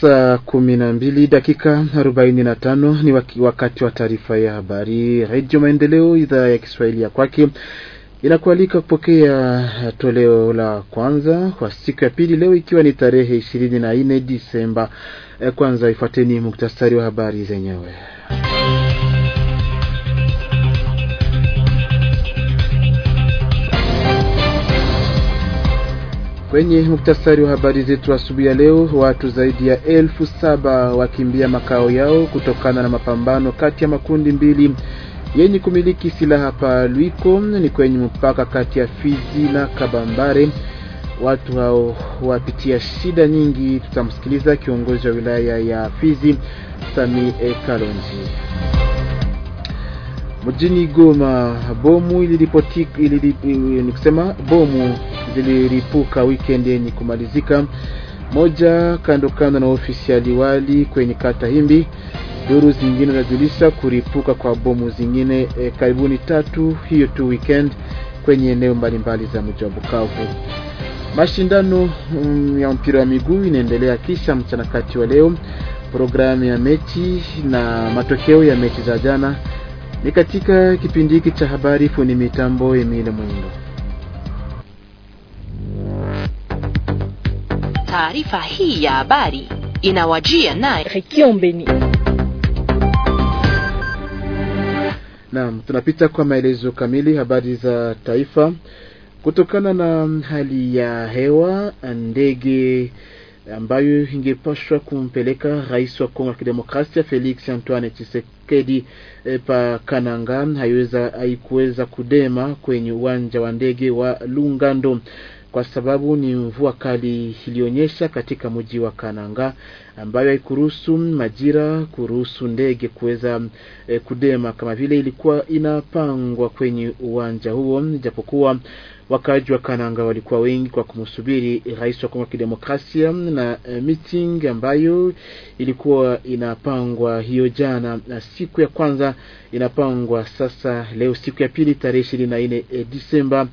Saa kumi na mbili dakika arobaini na tano ni wakati wa taarifa ya habari Redio Maendeleo, idhaa ya Kiswahili ya kwake inakualika kupokea toleo la kwanza kwa siku ya pili leo, ikiwa ni tarehe ishirini na nne Disemba. Eh, kwanza ifuateni muktasari wa habari zenyewe. Kwenye muktasari wa habari zetu asubuhi ya leo, watu zaidi ya elfu saba wakimbia makao yao kutokana na mapambano kati ya makundi mbili yenye kumiliki silaha pa Luiko, ni kwenye mpaka kati ya Fizi na Kabambare. Watu hao wapitia shida nyingi. Tutamsikiliza kiongozi wa wilaya ya Fizi Sami E. Kalonji. Mjini Goma bomu iliripotika, ili, ili, ili, bomu ziliripuka weekend yenye kumalizika, moja kando kando na ofisi ya liwali kwenye kata Himbi. Duru zingine zinajulisha kuripuka kwa bomu zingine e, karibuni tatu hiyo tu weekend kwenye eneo mbalimbali za mji wa Bukavu. Mashindano mm, ya mpira wa miguu inaendelea kisha mchana kati wa leo. Programu ya mechi na matokeo ya mechi za jana ni katika kipindi hiki cha habari. Fundi mitambo Emile Mwindo. Taarifa hii ya habari inawajia naye Naam, tunapita kwa maelezo kamili habari za taifa. Kutokana na hali ya hewa, ndege ambayo ingepashwa kumpeleka rais wa Kongo ya Kidemokrasia Felix Antoine Tshisekedi eh, pa Kanangan haiweza haikuweza kudema kwenye uwanja wa ndege wa Lungando kwa sababu ni mvua kali iliyonyesha katika mji wa Kananga ambayo haikuruhusu majira kuruhusu ndege kuweza e, kudema kama vile ilikuwa inapangwa kwenye uwanja huo, japokuwa wakaaji wa Kananga walikuwa wengi kwa kumsubiri rais wa Kongo ya Kidemokrasia, na e, eh, meeting ambayo ilikuwa inapangwa hiyo jana na siku ya kwanza inapangwa sasa leo siku ya pili tarehe ishirini na nne eh, Disemba,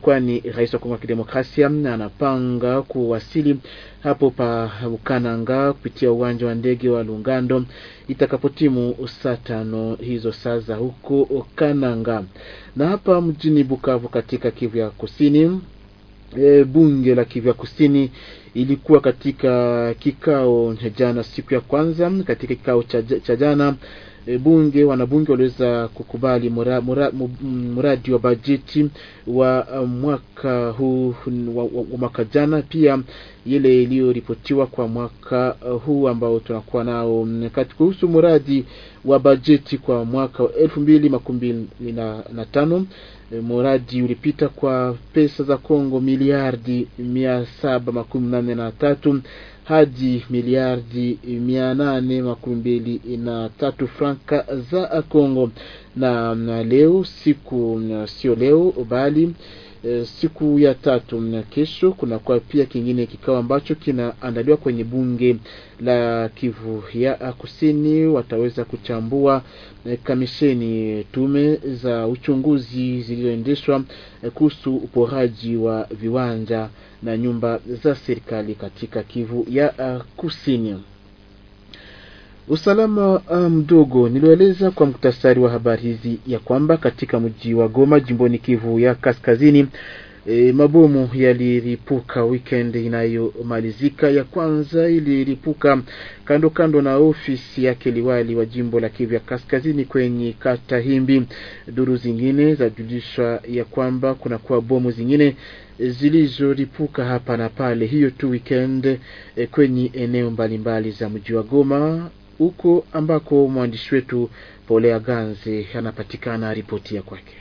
kwani rais wa Kongo ya Kidemokrasia anapanga kuwasili hapo pa Mkananga kupitia uwanja wa ndege wa Lungando itakapotimu saa tano hizo saa za huko Kananga. Na hapa mjini Bukavu katika Kivu ya Kusini, e, bunge la Kivu ya Kusini ilikuwa katika kikao jana siku ya kwanza. Katika kikao cha jana e, bunge wanabunge waliweza kukubali muradi mura, mura, wa bajeti wa uh, mwaka huu wa, wa, wa mwaka jana, pia ile iliyoripotiwa kwa mwaka uh, huu ambao tunakuwa nao mm, kati kuhusu muradi wa bajeti kwa mwaka wa elfu mbili makumi na, na tano. E, muradi ulipita kwa pesa za Kongo miliardi mia saba makumi nane na tatu hadi miliardi mia nane makumi mbili na tatu franka za Kongo na, na leo siku sio leo bali e, siku ya tatu na kesho kunakuwa pia kingine kikao ambacho kinaandaliwa kwenye bunge la Kivu ya Kusini. Wataweza kuchambua e, kamisheni eh, tume za uchunguzi zilizoendeshwa e, kuhusu uporaji wa viwanja na nyumba za serikali katika Kivu ya Kusini usalama ah, mdogo. Nilioeleza kwa muktasari wa habari hizi ya kwamba katika mji wa Goma jimboni Kivu ya Kaskazini E, mabomu yaliripuka weekend inayomalizika. Ya kwanza iliripuka kando kando na ofisi yake liwali wa jimbo la Kivu ya Kaskazini kwenye kata Himbi. Duru zingine zajulishwa ya kwamba kunakuwa bomu zingine zilizoripuka hapa na pale, hiyo tu weekend e, kwenye eneo mbalimbali mbali za mji wa Goma huko ambako mwandishi wetu Polea Ganze anapatikana, ripoti ya kwake.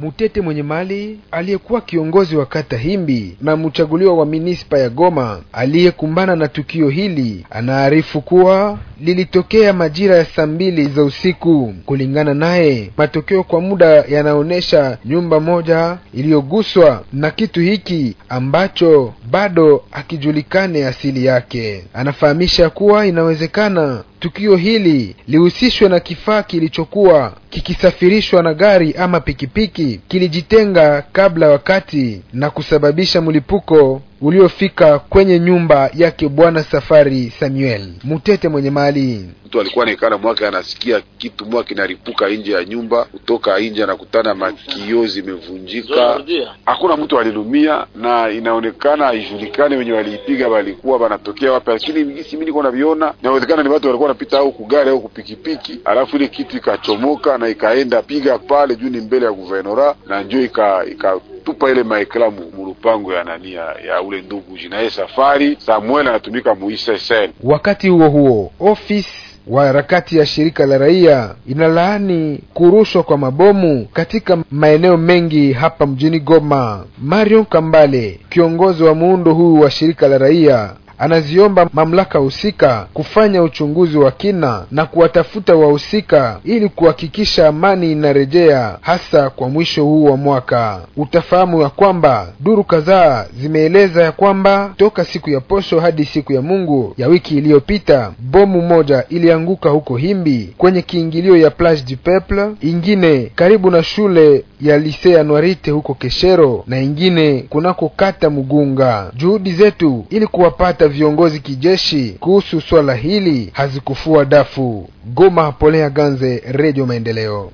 Mutete mwenye mali aliyekuwa kiongozi wa kata Himbi na mchaguliwa wa minispa ya Goma aliyekumbana na tukio hili anaarifu kuwa lilitokea majira ya saa mbili za usiku. Kulingana naye, matokeo kwa muda yanaonyesha nyumba moja iliyoguswa na kitu hiki ambacho bado hakijulikane asili yake. Anafahamisha kuwa inawezekana tukio hili lihusishwe na kifaa kilichokuwa kikisafirishwa na gari ama pikipiki, kilijitenga kabla wakati na kusababisha mlipuko uliofika kwenye nyumba yake Bwana Safari Samuel Mutete mwenye mali. Mtu alikuwa naikana mwake anasikia kitu mwake kinaripuka nje ya nyumba, kutoka nje anakutana makio zimevunjika. Hakuna mtu alilumia, na inaonekana ijulikane wenye waliipiga walikuwa wanatokea wapi, lakini mimi niko naviona, inawezekana ni watu walikuwa wanapita au kugari au kupikipiki, alafu ile kitu ikachomoka na ikaenda piga pale juu, ni mbele ya guvernora na njoo ika, ika tupa ile maekra mulupango ya nani ya ule ndugu jinaye safari Samuel anatumika muisesel. Wakati huo huo ofisi wa harakati ya shirika la raia inalaani kurushwa kwa mabomu katika maeneo mengi hapa mjini Goma. Marion Kambale, kiongozi wa muundo huu wa shirika la raia, anaziomba mamlaka husika kufanya uchunguzi wa kina na kuwatafuta wahusika ili kuhakikisha amani inarejea hasa kwa mwisho huu wa mwaka. Utafahamu ya kwamba duru kadhaa zimeeleza ya kwamba toka siku ya posho hadi siku ya Mungu ya wiki iliyopita bomu moja ilianguka huko Himbi kwenye kiingilio ya Place du Peuple, ingine karibu na shule ya Lycée Anwarite huko Keshero na ingine kunako kata Mugunga. Juhudi zetu ili kuwapata za viongozi kijeshi kuhusu swala hili hazikufua dafu. Goma, Polea Ganze, Redio Maendeleo.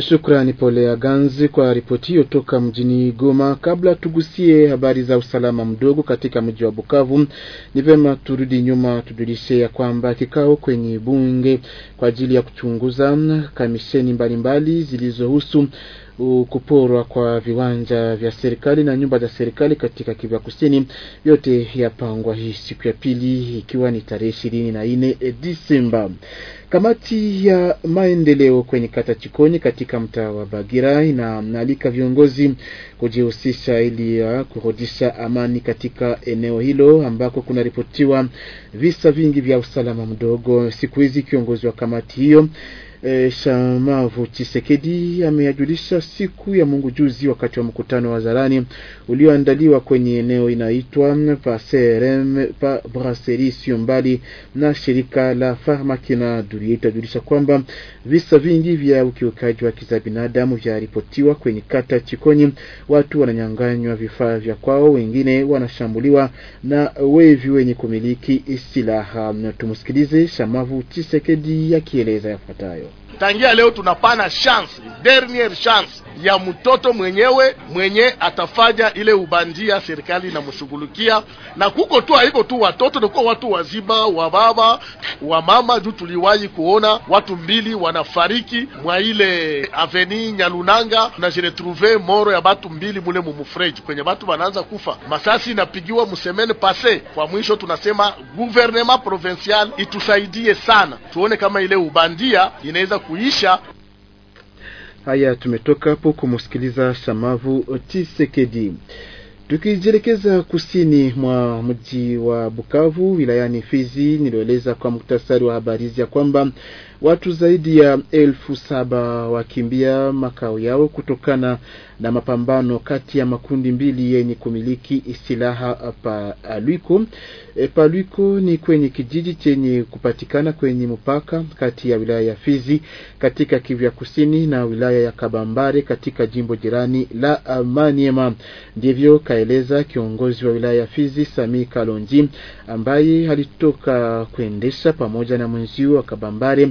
Shukrani Polea Ganzi kwa ripoti hiyo toka mjini Goma. Kabla tugusie habari za usalama mdogo katika mji wa Bukavu, ni vema turudi nyuma tujulishe ya kwamba kikao kwenye bunge kwa ajili ya kuchunguza kamisheni mbalimbali zilizohusu kuporwa kwa viwanja vya serikali na nyumba za serikali katika Kivu Kusini, yote yapangwa hii siku ya pili, ikiwa ni tarehe ishirini na nne Disemba. Kamati ya maendeleo kwenye kata Chikonyi katika mtaa wa Bagira inaalika viongozi kujihusisha ili ya kurudisha amani katika eneo hilo ambako kunaripotiwa visa vingi vya usalama mdogo siku hizi. Kiongozi wa kamati hiyo E, Shamavu Chisekedi ameyajulisha siku ya Mungu juzi wakati wa mkutano wa zarani ulioandaliwa kwenye eneo inaitwa Paserem pa Brasserie sio mbali na shirika la Farmak na itajulisha kwamba visa vingi vya ukiukaji wa haki za binadamu vyaripotiwa kwenye kata Chikonyi. Watu wananyanganywa vifaa vya kwao, wengine wanashambuliwa na wevi wenye kumiliki silaha. Tumsikilize Shamavu Chisekedi akieleza ya yafuatayo. Tangia leo tunapana chance, derniere chance ya mtoto mwenyewe mwenye atafanya ile ubandia, serikali inamshughulikia na kuko tu, aiko tu watoto, nikuwa watu wazima, wa baba wa mama. Juu tuliwahi kuona watu mbili wanafariki mwa ile aveni Nyalunanga na jiretrouve moro ya batu mbili mule mumufreji, kwenye batu wanaanza kufa, masasi inapigiwa msemene passe Kwa mwisho tunasema gouvernement provincial itusaidie sana, tuone kama ile ubandia ina inaweza kuisha. Haya, tumetoka hapo kumsikiliza Shamavu Tisekedi. Tukijielekeza kusini mwa mji wa Bukavu wilayani Fizi, nilieleza kwa muktasari wa habari hizi ya kwamba Watu zaidi ya elfu saba wakimbia makao yao kutokana na mapambano kati ya makundi mbili yenye kumiliki silaha pa Aluiko. E, Paluiko ni kwenye kijiji chenye kupatikana kwenye mpaka kati ya wilaya ya Fizi katika Kivu ya Kusini na wilaya ya Kabambare katika jimbo jirani la Maniema. Ndivyo kaeleza kiongozi wa wilaya ya Fizi Sami Kalonji ambaye alitoka kuendesha pamoja na mwenzio wa Kabambare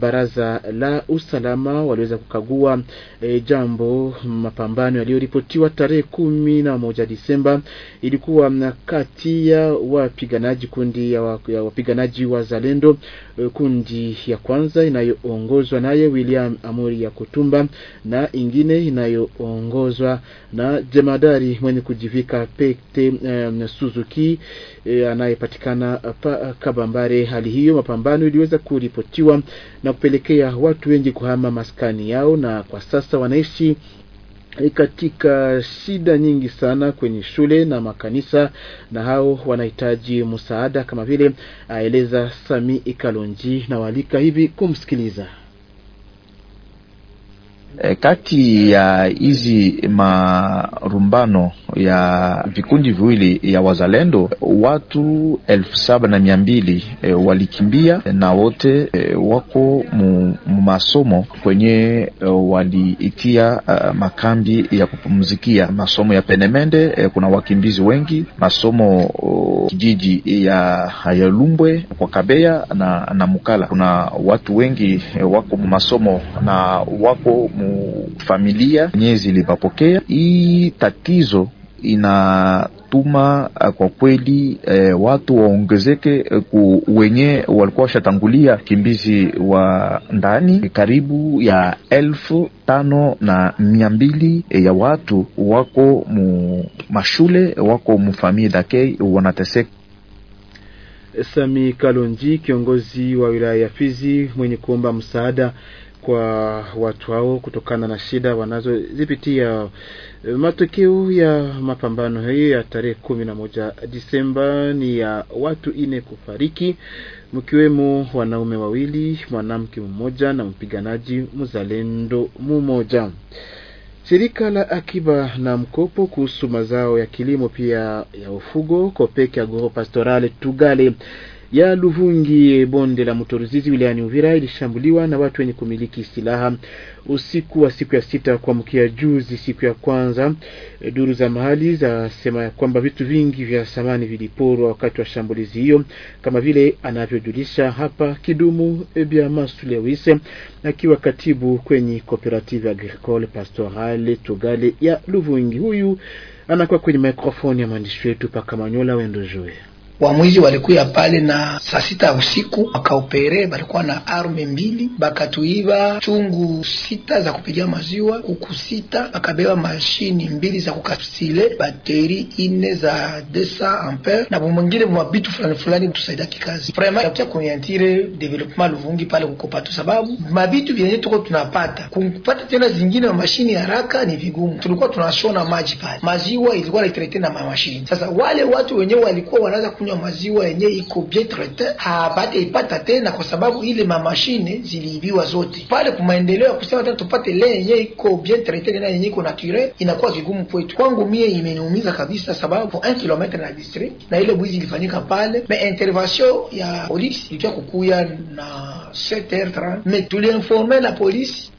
baraza la usalama waliweza kukagua e, jambo mapambano yaliyoripotiwa tarehe kumi na moja Disemba ilikuwa kati ya wapiganaji kundi ya wapiganaji wa Zalendo eh, kundi ya kwanza inayoongozwa naye William Amuri ya Kutumba na ingine inayoongozwa na jemadari mwenye kujivika Pekte e, eh, Suzuki e, anayepatikana pa Kabambare. Hali hiyo mapambano iliweza kuripotiwa na kupelekea watu wengi kuhama maskani yao, na kwa sasa wanaishi eh, katika shida nyingi sana kwenye shule na makanisa, na hao wanahitaji msaada, kama vile aeleza Sami Ikalonji na walika hivi kumsikiliza. E, kati ya hizi marumbano ya vikundi viwili ya wazalendo watu elfu saba na mia mbili e, walikimbia na wote e, wako mu, masomo kwenye e, waliitia e, makambi ya kupumzikia masomo ya Penemende. E, kuna wakimbizi wengi masomo uh, kijiji ya Yalumbwe kwa Kabeya na, na Mukala kuna watu wengi e, wako mumasomo na wako mu familia nyezi limapokea hii tatizo inatuma eh, kwa kweli eh, watu waongezeke eh, ku wenye walikuwa washatangulia kimbizi wa ndani. Karibu ya elfu tano na mia mbili eh, ya watu wako mu mashule wako mufamili dake wanateseka. Sami Kalonji, kiongozi wa wilaya ya Fizi mwenye kuomba msaada kwa watu hao kutokana na shida wanazozipitia. Matokeo ya mapambano hayo ya tarehe kumi na moja Disemba ni ya watu ine kufariki, mkiwemo wanaume wawili, mwanamke mmoja na mpiganaji mzalendo mmoja. Shirika la akiba na mkopo kuhusu mazao ya kilimo pia ya ufugo Kopeke Agro Pastorale Tugale ya Luvungi, bonde la Mutoruzizi wilayani Uvira ilishambuliwa na watu wenye kumiliki silaha usiku wa siku ya sita kuamkia juzi siku ya kwanza. Eh, duru za mahali zasema ya kwamba vitu vingi vya samani viliporwa wakati wa shambulizi hiyo, kama vile anavyojulisha hapa Kidumu Ebia eh, Masulewise, akiwa katibu kwenye Cooperative Agricole Pastorale Tugale ya Luvungi. Huyu anakuwa kwenye mikrofoni ya mwandishi wetu Pakamanyola Wendojoe. Wamwizi walikuya pale na saa sita ya usiku wakaopere, balikuwa na arme mbili, bakatuiba chungu sita za kupigia maziwa, kuku sita, bakabeba mashini mbili za kukapsile, bateri ine za desa ampere na bomwengine mwabitu fulani fulani tusaidia kikazi ya kutia kuniantire development Luvungi pale kukopatu, sababu mabitu vyenye tuko tunapata kupata tena zingine wa mashini haraka ni vigumu. Tulikuwa tunashona maji pale, maziwa ilikuwa na na mamashini. Sasa wale watu wenyewe walikuwa wanaanza kunywa maziwa yenye iko bien traite habate ipata tena, kwa sababu ile mamashine ziliibiwa zote pale. Kumaendeleo ya kusema tena tupate le yenye iko bien traite na yenye iko naturel, inakuwa vigumu kwetu. Kwangu mie imeniumiza kabisa, sababu 1 km na district na ile bwizi ilifanyika pale, me intervention ya polisi ilikuwa kukuya na 7h30 me tuliinforme la polisi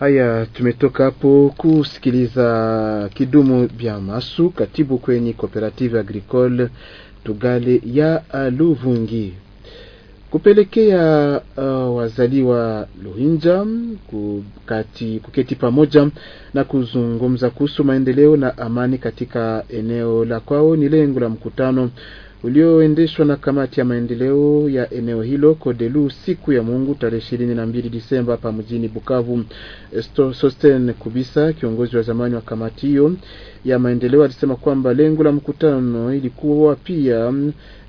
Haya, tumetoka hapo kusikiliza Kidumu Bya Masu, katibu kwenye Cooperative Agricole Tugale ya Luvungi, kupelekea uh, wazaliwa Luhinja kukati, kuketi pamoja na kuzungumza kuhusu maendeleo na amani katika eneo la kwao ni lengo la mkutano ulioendeshwa na kamati ya maendeleo ya eneo hilo Kodelu siku ya Mungu tarehe ishirini na mbili Disemba hapa mjini Bukavu. Sosten Kubisa, kiongozi wa zamani wa kamati hiyo ya maendeleo, alisema kwamba lengo la mkutano ilikuwa pia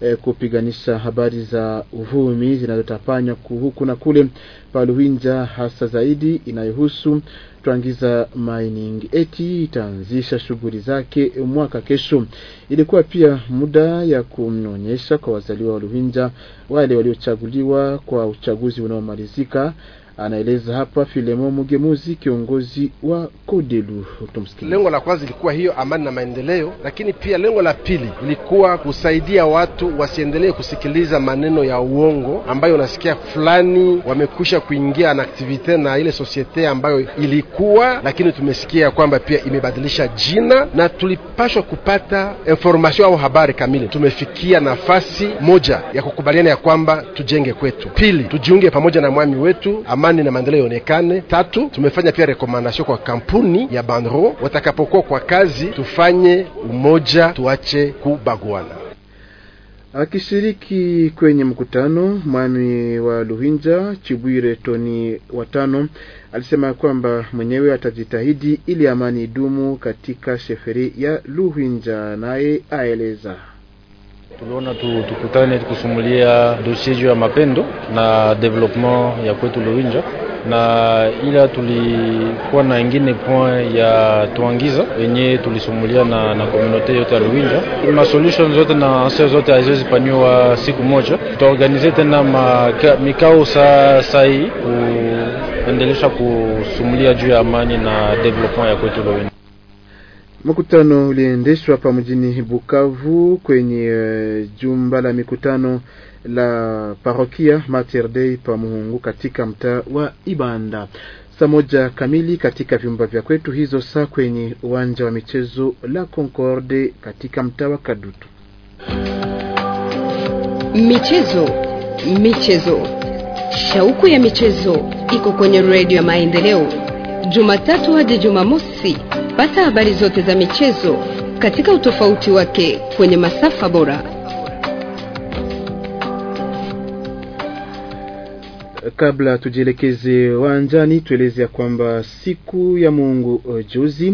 e, kupiganisha habari za uvumi zinazotapanywa huku na kule paluhinja, hasa zaidi inayohusu Twangiza Mining eti itaanzisha shughuli zake mwaka kesho. Ilikuwa pia muda ya kumnyonyesha kwa wazaliwa wa Ruhinja wale waliochaguliwa kwa uchaguzi unaomalizika Anaeleza hapa Filemon Mugemuzi, kiongozi wa Kodelu. Tumsikie. Lengo la kwanza ilikuwa hiyo amani na maendeleo, lakini pia lengo la pili ilikuwa kusaidia watu wasiendelee kusikiliza maneno ya uongo ambayo unasikia fulani wamekwisha kuingia na aktivite na ile sosiete ambayo ilikuwa, lakini tumesikia kwamba pia imebadilisha jina, na tulipashwa kupata informasio au habari kamili. Tumefikia nafasi moja ya kukubaliana ya kwamba tujenge kwetu, pili tujiunge pamoja na mwami wetu amani na maendeleo ionekane. Tatu, tumefanya pia rekomandasio kwa kampuni ya Banro, watakapokuwa kwa kazi tufanye umoja, tuache kubaguana. Akishiriki kwenye mkutano mwami wa Luhinja Chibwire Toni watano alisema kwamba mwenyewe atajitahidi ili amani idumu katika sheferi ya Luhinja, naye aeleza tuliona tu, tukutane kusumulia dosie juu ya mapendo na development ya kwetu Luinja na ila tulikuwa na ingine point ya tuangiza yenye tulisumulia na, na komunote yote ya Luinja. Ma solution zote na ansia zote haziwezi siku moja, tutaorganize tena mikao saa saa kuendelesha kusumulia juu ya amani na development ya kwetu Luinja. Mkutano uliendeshwa hapa mjini Bukavu kwenye uh, jumba la mikutano la parokia Mater Dei pa Muhungu katika mtaa wa Ibanda saa moja kamili katika vyumba vya kwetu hizo saa kwenye uwanja wa michezo la Concorde katika mtaa wa Kadutu. Michezo, michezo, shauku ya michezo iko kwenye redio ya Maendeleo Jumatatu hadi Jumamosi. Pata habari zote za michezo katika utofauti wake kwenye masafa bora. Kabla tujielekeze wanjani, tueleze ya kwamba siku ya Mungu eh, juzi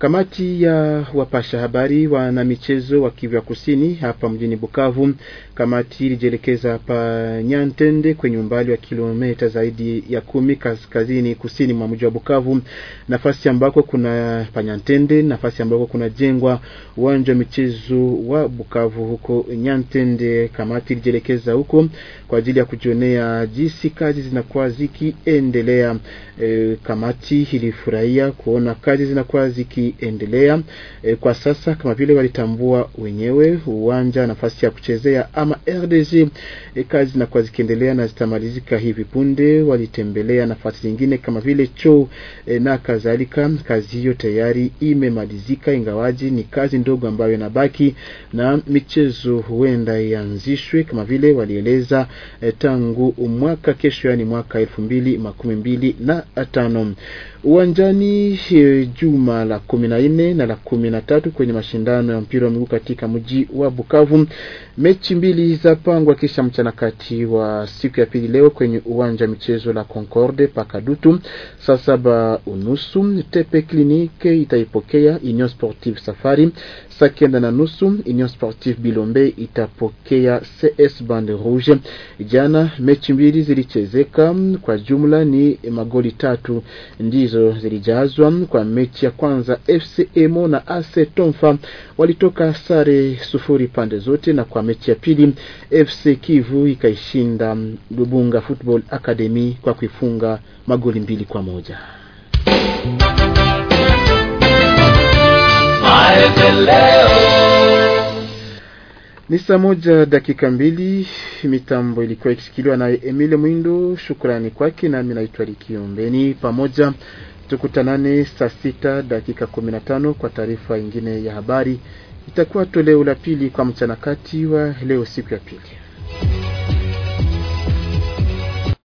Kamati ya wapasha habari wana michezo wa Kivu ya Kusini hapa mjini Bukavu, kamati ilijielekeza hapa Nyantende kwenye umbali wa kilomita zaidi ya kumi kaskazini kusini mwa mji wa Bukavu, nafasi ambako kuna panyantende, nafasi ambako kuna jengwa uwanja wa michezo wa Bukavu huko Nyantende. Kamati ilijielekeza huko kwa ajili ya kujionea jinsi kazi zinakuwa zikiendelea. E, kamati ilifurahia kuona kazi zinakuwa ziki ikiendelea. E, kwa sasa kama vile walitambua wenyewe uwanja nafasi ya kuchezea ama RDG. E, eh, kazi zinakuwa zikiendelea na zitamalizika hivi punde. Walitembelea nafasi zingine kama vile choo e, eh, na kadhalika. Kazi hiyo tayari imemalizika, ingawaji ni kazi ndogo ambayo inabaki na michezo huenda ianzishwe kama vile walieleza e, tangu mwaka kesho, yaani mwaka elfu mbili makumi mbili na tano uwanjani e, juma la kumi na nne na la kumi na tatu kwenye mashindano ya mpira wa miguu katika mji wa Bukavu. Mechi mbili za pangwa kisha mchana kati wa siku ya pili leo kwenye uwanja wa michezo la Concorde Pakadutu saa saba unusu Tepe Clinique itaipokea Union Sportive Safari. Saa kenda na nusu Union Sportive Bilombe itapokea CS Bande Rouge. Jana mechi mbili zilichezeka, kwa jumla ni magoli tatu ndizo hizo zilijazwa kwa mechi ya kwanza. FC Emo na AC Tomfa walitoka sare sufuri pande zote, na kwa mechi ya pili FC Kivu ikaishinda Lubunga Football Academy kwa kuifunga magoli mbili kwa moja. Maendeleo. Ni saa moja dakika mbili. Mitambo ilikuwa ikishikiliwa naye Emile Mwindo, shukrani kwake, nami naitwa Likiombeni. Pamoja tukutanane saa sita dakika kumi na tano kwa taarifa ingine ya habari, itakuwa toleo la pili kwa mchana kati wa leo, siku ya pili.